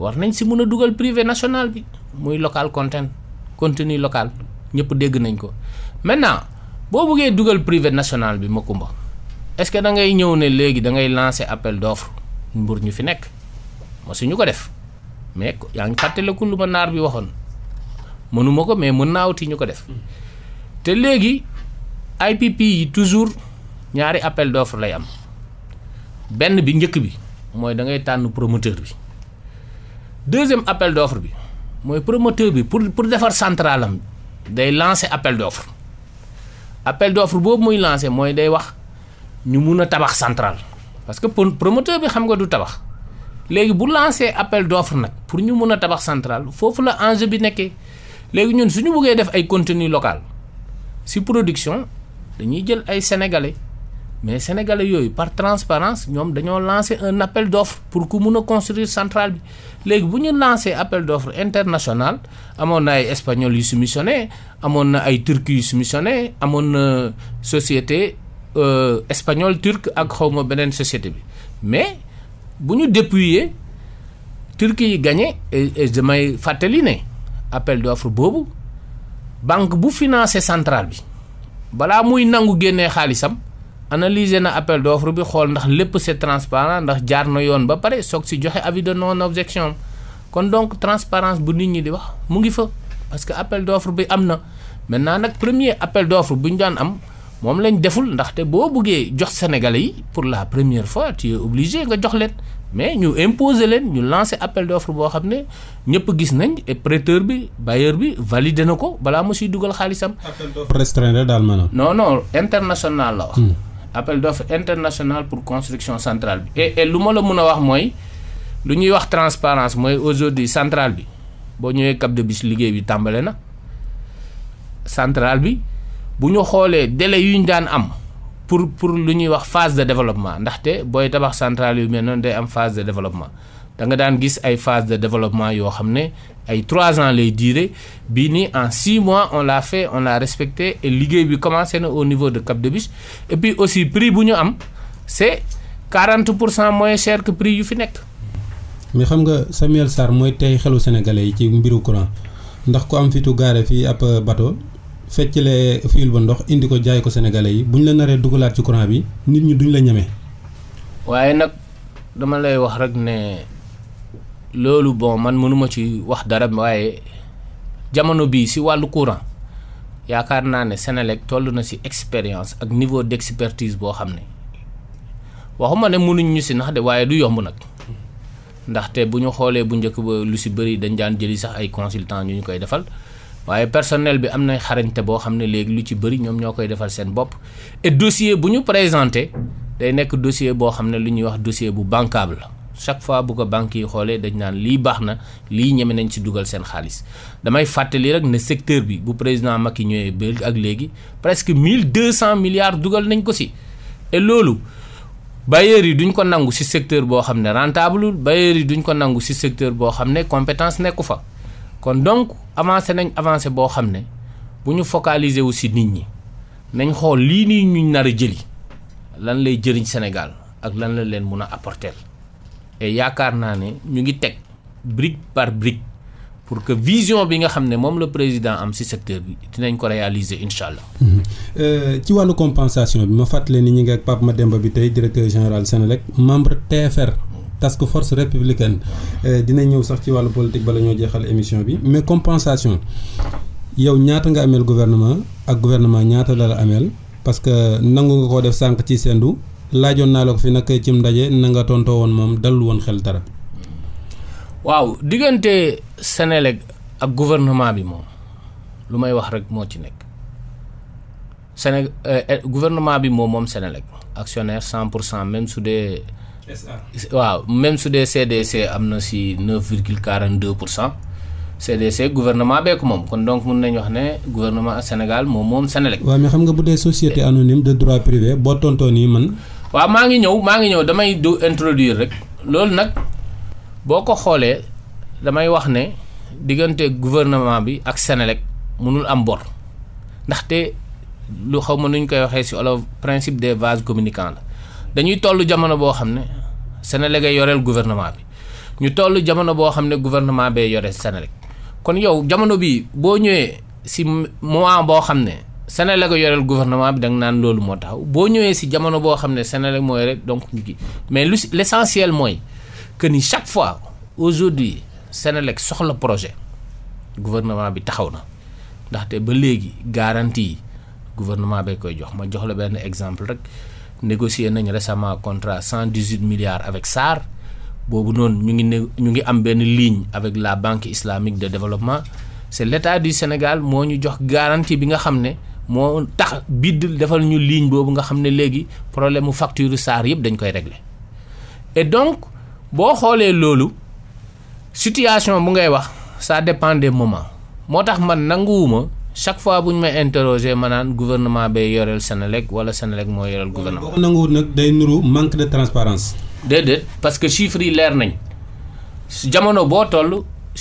war nañ si mun a dugal privé national bi muy local content contenu local ñëpp dégg nañ ko maintenant boo buggee dugal privé national bi ma kumba est ce que da ngay ñëw ne léegi da ngay lancer appel mbur ñu fi mo suñu ko def mais yaa ngi fàttaliku lu ma bi waxon mënuma ko mais mën naawti ñu ko def hmm. te légui IPP yi toujours ñaari appel d'offre lay am benn bi ñëk bi moy da ngay tànn promoteur bi deuxième appel d'offre bi moy promoteur bi pour pour défar centrale am day lancer appel d'offre appel d'offre bobu muy lancer moy day wax ñu mëna tabax centrale parce que promoteur bi xam nga du tabax léegi bu lancer appel d'offre nag pour ñu mun a tabax central. foofu la enjeu bi nekkee léegi ñun suñu buggee def ay contenu local si production dañuy jël ay sénégalais mais sénégalais yooyu par transparence ñoom dañoo lancer un appel d'offre pour ku mun a construire central bi léegi bu ñu lancer appel d'offre international amoon na ay espagnol yu soumissionné amoon na ay turcs yu soumissionné amoon na société euh, espagnol turc ak xaw ma société bi mais buñu ñu dépouiller gagné et jamais fàttali appel d'offre bobu banque bu financer centrale bi bala muy nangu génnee xalissam analyser na appel d'offre bi xol ndax lepp c'est transparent ndax jaar na yoon ba paré soog si joxe avis de non objection kon donc transparence bu nit ñi di wax mu ngi fa parce que appel d'offre bi amna maintenant nak premier appel d'offre bu ñu am moom lañ deful ndaxte boo buggee jox Sénégalais yi pour la première fois tu es obligé nga jox leen mais ñu imposé leen ñu lancer appel d'offre boo xam ne ñëpp gis nañ et prêteur bi bailleur bi valider na ko balaa mu siy dugal xaalisam. non non international la wax. Hmm. appel d'offre international pour construction centrale et et lu ma la a wax mooy lu ñuy wax transparence mooy aujourd'hui centrale bi boo ñëwee Cap de bis liggéey bi tàmbale na centrale bi buñu ñu xoolee délai yu ñu daan am pour pour lu ñuy wax phase de développement ndaxte booy tabax central yu mel noonu day am phase de développement da nga daan gis ay phase de développement yoo xam ne ay 3 ans lay duré bii nii en 6 mois on l'a fait on l'a respecté et liggéey bi commencé na au niveau de Cap de Biche et puis aussi prix bu ñu am c'est quarante pour cent moins cher que prix yu fi nekk. mais xam nga Samuel Sarr mooy tey xelu sénégalais yi ci mbiru courant ndax ku am fitu gaare fii ab bateau le fuel ba ndox indi ko jaay ko sénégalais yi buñ la naree dugalaat ci courant bi nit ñi duñ la ñeme. waaye nag dama lay wax rek ne loolu bon man mënuma ci wax dara waaye jamono bii si wàllu courant yaakaar naa ne Sénélec toll na si expérience ak niveau d' expertise boo xam ne waxuma ne mënuñ ñu si nax de waaye du yomb nag ndaxte bu ñu xoolee bu njëkk ba lu si bëri dañ daan jëli sax ay consultant ñu ñu koy defal. waaye personnel bi am na xarañte boo xam ne léegi lu ci bëri ñoom ñoo koy defal seen bopp et dossier bu ñu présenté day nekk dossier boo xam ne lu ñuy wax dossier bu bancable la chaque fois bu ko banque yi xoolee dañ naan lii baax na lii ñeme nañ ci dugal seen xaalis damay fàttali rek ne secteur bi bu président Macky ñëwee ba ak léegi presque mille deux cent milliards dugal nañ ko si et loolu bailleurs yi duñ ko nangu si secteur boo xam ne rentable bailleurs yi duñ ko nangu si secteur boo xam ne compétence nekku fa kon donc avancé nañ avancé boo xam ne bu ñu focaliser wu nit ñi nañ xool lii nii ñu nar a jëli lan lay jëriñ Sénégal ak lan la leen mun a apporter et yaakaar naa ne ñu ngi teg brique par brique. pour que vision bi nga xam ne moom la président am ci secteur bi dinañ ko réaliser incha allah. Mhm. Euh, ci wàllu compensation bi ma fàttale ni ñu ngi ak Pape Mademba bi tey directeur général rek membre TFR. task force républicaine. Euh, dina ñëw sax ci wàllu politique bala ñoo jeexal émission bi mais compensation yow ñaata nga ameel gouvernement ak gouvernement ñaata la ameel parce que nangu nga koo def sànq ci sendu laajoon naa la ko fi nag cim ndaje na nga tontoo woon moom dallu woon xel dara. waaw diggante Senelec ak gouvernement bi moom lu may wax rek moo ci nekk Séné eh, eh, gouvernement bi moom moom Senelec actionnaire cent pour cent même su dee waaw même su dee CDC am na si neuf virgule quarante deux pour cent CDC gouvernement beeku moom kon donc mun nañu wax ne gouvernement Sénégal moom moom Senelec. waaw mais xam nga bu dee société anonyme de droit privé boo tontoo nii mën waaw maa ngi ñëw maa ngi ñëw damay du introduire rek loolu nag. boo ko xoolee damay wax ne diggante gouvernement bi ak Senelec mënul am bor ndaxte lu xaw ma nu ñu koy waxee ci olof principe des vases communicants la dañuy toll jamono boo xam ne Senelec ay yoreel gouvernement bi ñu toll jamono boo xam ne gouvernement bee yore Senelec kon yow jamono bi boo ñëwee ci moment boo xam ne Senelec a yoreel gouvernement bi da nga naan loolu moo taxaw boo ñëwee ci jamono boo xam ne Senelec mooy rek donc mais lu l'essentiel mooy. que ni chaque fois aujourd'hui Senelec son projet gouvernement bi taxaw na ndaxte ba léegi garantie le gouvernement bee koy jox ma jox la exemple rek négocié nañ récemment contrat de 118 milliards avec SAR boobu noonu ñu ngi ngi ligne avec la banque islamique de développement c'est l'état du Sénégal moo ñu jox garantie bi nga xam ne moo tax bidd defal ñu ligne boobu nga xam ne léegi problème facture SAR yëpp dañ koy régler et donc. boo xoolee loolu situation bu ngay wax ça dépend moment moo tax man nanguwuma chaque fois bu ñu may interroger ma naan gouvernement bay yoreel Senelec wala Senelec moo yoreel gouvernement. boo ko nanguwul nag day nuru manque de transparence déedéet parce que chiffres yi leer nañ jamono boo toll.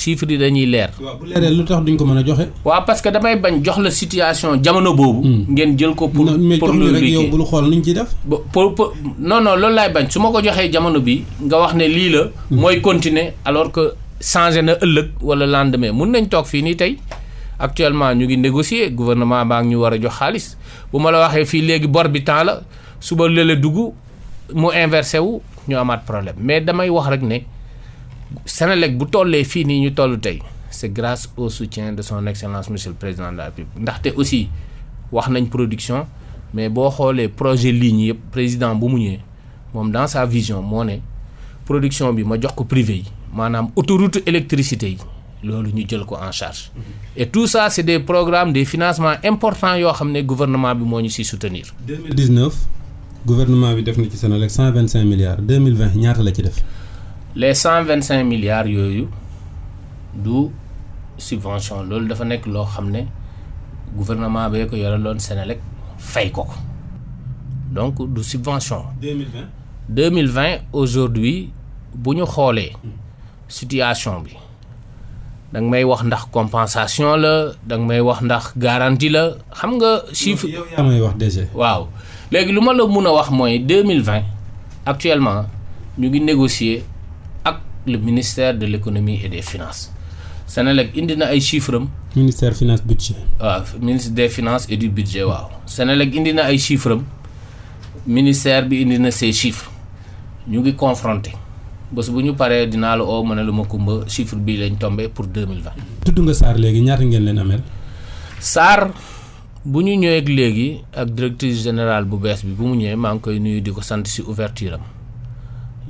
chiffres yi dañuy leer. waaw bu leeree lu tax duñ ko mën a joxe. waaw parce que damay bañ jox la situation jamono boobu. Hmm. ngeen jël ko pour pour lu rek yow lu xool nuñ ci def. pour pour non non loolu laay bañ su ma ko joxee jamono bi nga wax ne lii la. Hmm. mooy continuer alors que changé na ëllëg wala lendemain mun nañ toog fii nii tey. actuellement ñu ngi négocier gouvernement baa ngi ñu war a jox xaalis bu ma la waxee fii léegi bor bi temps la suba lële dugg mu inversé wu ñu amaat problème mais damay wax rek ne. bu ñu c'est grâce au soutien de son excellence monsieur le président de la République aussi wax nañ production mais bo xolé projet ligne le président bu dans sa vision moné, production bi ma jox ko privé yi autoroute électricité yi ñu jël en charge et tout ça c'est des programmes des financements importants que le gouvernement bi mo ñu ci soutenir. 2019 gouvernement a def 125 milliards 2020 ñaata la ci def les 125 milliards yooyu du subvention loolu dafa nekk loo xam ne gouvernement bee ko yore loon fay ko ko donc du subvention. 2020. 2020 aujourd'hui bu ñu xoolee hmm. situation bi da may wax ndax compensation la da may wax ndax garantie la xam nga. chiffre hmm, yow yaa may wax déjà waaw léegi lu ma la mun a wax mooy 2020 actuellement ñu ngi négocier le ministère de l'économie et des finances Sénélec y ay chiffres ministère finance budget. Ah, des finances et du budget Wow. Sénélec indi ay chiffres ministère bi chiffres nous sommes confrontés. chiffre pour 2020 mille SAR confrontés. nous sommes confrontés.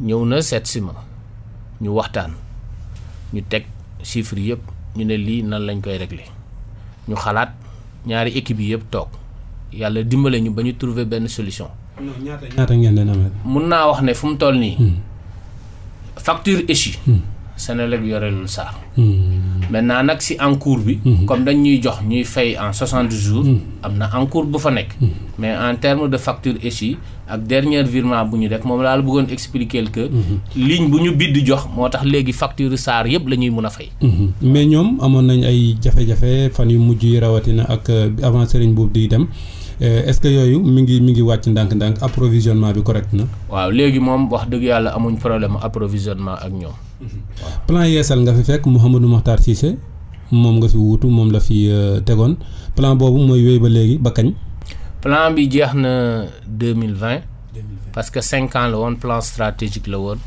nous SAR confrontés. nous ñu waxtaan ñu teg chiffres yëpp ñu ne lii nan lañ koy régler ñu xalaat ñaari équipe yi yëpp toog yàlla dimbale ñu ba ñu trouver benn solution. ñaata ñaata mun naa wax ne fu mu toll nii. Hmm. facture échue. Hmm. Senelec yorelul Saar hmm. maintenant nag si encours bi hmm. comme dañ ñuy jox ñuy fay en soixante jours hmm. am na encours bu fa nekk mais en terme de facture échi ak dernier virement bu ñu def moom laa la bëggoon expliquer ligne bu ñu bidd jox moo tax léegi facture Saar yëpp la ñuy mun a fay mais ñoom amoon nañ ay jafe-jafe fan yu mujj yi rawatina ak euh, avant Serigne boobu di dem euh, est-ce que yooyu mi ngi mi ngi wàcc ndànk-ndànk approvisionnement bi correct na waaw léegi moom wax plan yeesal nga fi fekk Mouhamadou Mokhtar Cissé moom nga fi wuutu moom la fi euh, tegoon plan boobu mooy wéy ba léegi ba kañ. plan bi jeex na 2020 parce que cinq ans la woon plan stratégique la woon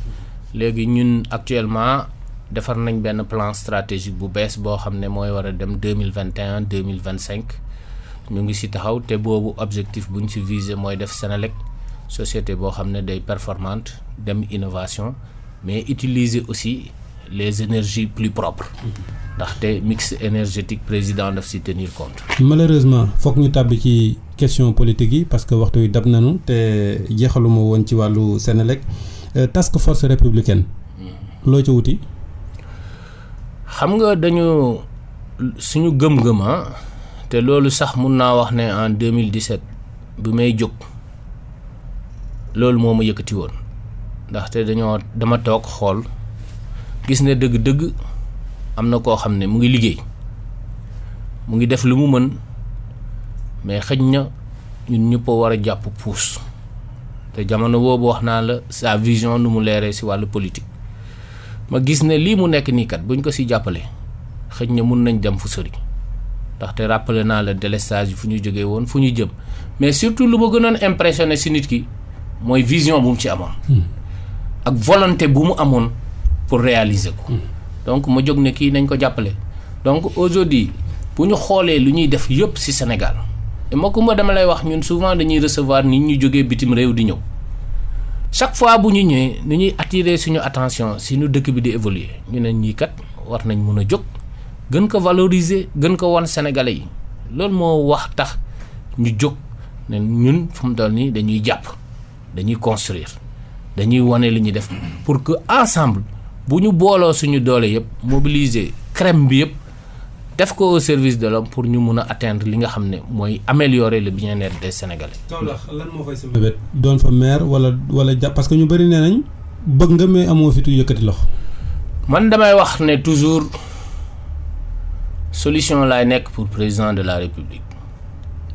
léegi ñun actuellement defar nañ benn plan stratégique bu bees boo xam ne mooy war a dem 2021 2025 ñu ngi si taxaw te boobu objectif buñ ñu si visé mooy def Senelec société boo xam ne day performante dem innovation mais utiliser aussi les énergies plus propres ndaxte mix énergétique président daf si tenir compte. malheureusement foog ñu tabbi ci question politique yi parce que waxtu wi dab nañu te jeexaluma woon ci wàllu Senelec euh, task force républicaine. Hmm. loo ci wuti. xam nga dañu suñu gëm-gëma ah, te loolu sax mun naa wax ne en 2017 bi may jóg loolu moo ma yëkkati woon. ndaxte dañoo dama toog xool gis ne dëgg-dëgg am na koo xam ne mu ngi liggéey mu ngi def lu mu mën mais xëj na ñun ñëpp war a jàpp puus te jamono boobu wax naa la sa vision nu mu leeree si wàllu politique ma gis ne lii mu nekk nii kat buñ ko si jàppale xëj na mun nañ dem fu sori ndaxte rappelé naa la délestage yi fu ñu jógee woon fu ñu jëm mais surtout lu ma gënoon impressionné si nit ki mooy vision bu mu ci amoon. Hmm. ak volonté bu mu amoon pour réaliser ko. Hmm. donc ma jóg ne kii nañ ko jàppale. donc aujourd'hui bu ñu xoolee lu ñuy def yëpp ci Sénégal te Macoumba dama lay wax ñun souvent dañuy recevoir ni ñu jógee bitim réew di ñëw chaque fois bu ñu ñëwee ni ñuy attirer suñu attention suñu dëkk bi di évoluer ñu ne ñii kat war nañ mun a jóg gën ko valoriser gën ko wan sénégalais yi loolu moo wax tax ñu jóg ne ñun fu mu toll nii dañuy jàpp dañuy construire. dañuy wane li ñuy def pour que ensemble bu ñu booloo suñu doole yëpp mobiliser crème bi yëpp def ko au service de l'homme pour ñu mun a atteindre li nga xam ne mooy améliorer le bien-être des Sénégalais. lan moo fay sama bët doon fa maire wala wala jàpp parce que ñu bëri nee nañ bëgg nga mais amoo fitu yëkkati lox. man damay wax ne toujours solution laay nekk pour président de la république.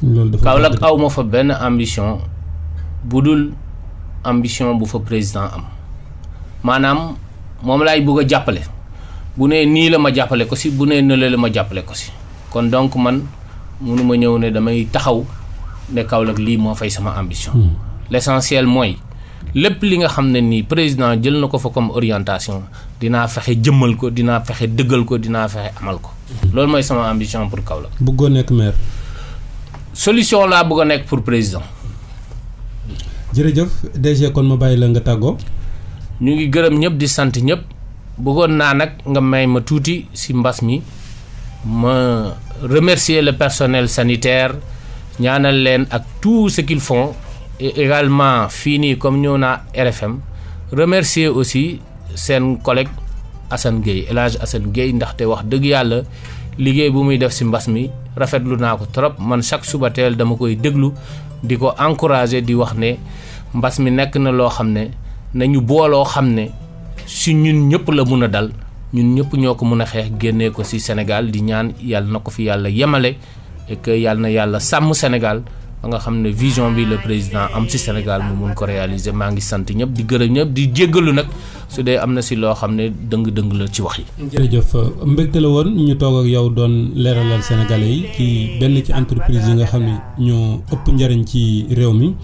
loolu dafa Kaolack ma fa benn ambition bu dul. ambition bu fa président am maanaam moom laay bëgg a jàppale bu nee nii la ma jàppale ko si bu nee nële la ma jàppale ko si kon donc man ma ñëw ne damay taxaw ne Kaolack lii moo fay sama ambition hmm. l'essentiel mooy lépp li nga xam ne nii président jël na ko fa comme orientation dinaa fexe jëmmal ko dinaa fexe dëggal ko dinaa fexe amal ko hmm. loolu mooy sama ambition pour Kaolack bëggoo nekk maire solution laa bëgg a nekk pour président jërëjëf DG kon ma bàyyi la nga tàggoo. ñu ngi gërëm ñëpp di sant ñëpp bëggoon naa nag nga may ma tuuti ci mbas mi ma remercier le personnel sanitaire ñaanal leen ak tout ce qu'ils font et également fii nii comme ñëw naa RFM remercier aussi seen collègue Assane Gueye El Hadj Assane Gueye ndaxte wax dëgg yàlla liggéey bu muy def ci mbas mi rafetlu naa ko trop man chaque suba teel dama koy déglu di ko encourager di wax ne mbas mi nekk na loo xam ne nañu booloo xam ne su ñun ñëpp la mun a dal ñun ñëpp ñoo ko mun a xeex génnee ko si Sénégal di ñaan yàlla na ko fi yàlla yemale et que na yàlla sàmm Sénégal ba nga xam ne vision bi le président am ci Sénégal mu mun ko réaliser maa ngi sant ñëpp di gërëm ñëpp di jéggalu nag su dee am na si loo xam ne dëng-dëng la ci wax yi. jërëjëf mbégte la woon ñu toog ak yow doon leeralal sénégalais yi ci benn ci entreprise yi nga xam ne ñoo ëpp njariñ ci réew mi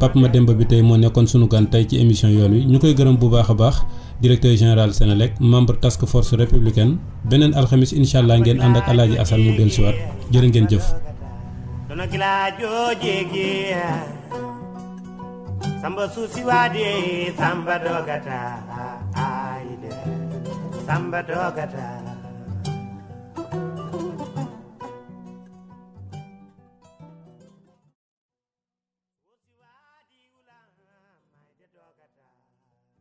Pape Mademba bi tey moo nekkoon sunu gan tey ci émission yoon wi ñu koy gërëm bu baax a baax. directeur général Sénélec membre task force républicaine beneen alxamis incha allah ngeen ànd ak alaaji Assane mu jërë ngeen jëf. tono kila jeegi samba suusiwaade samba dogata ayde samba dogata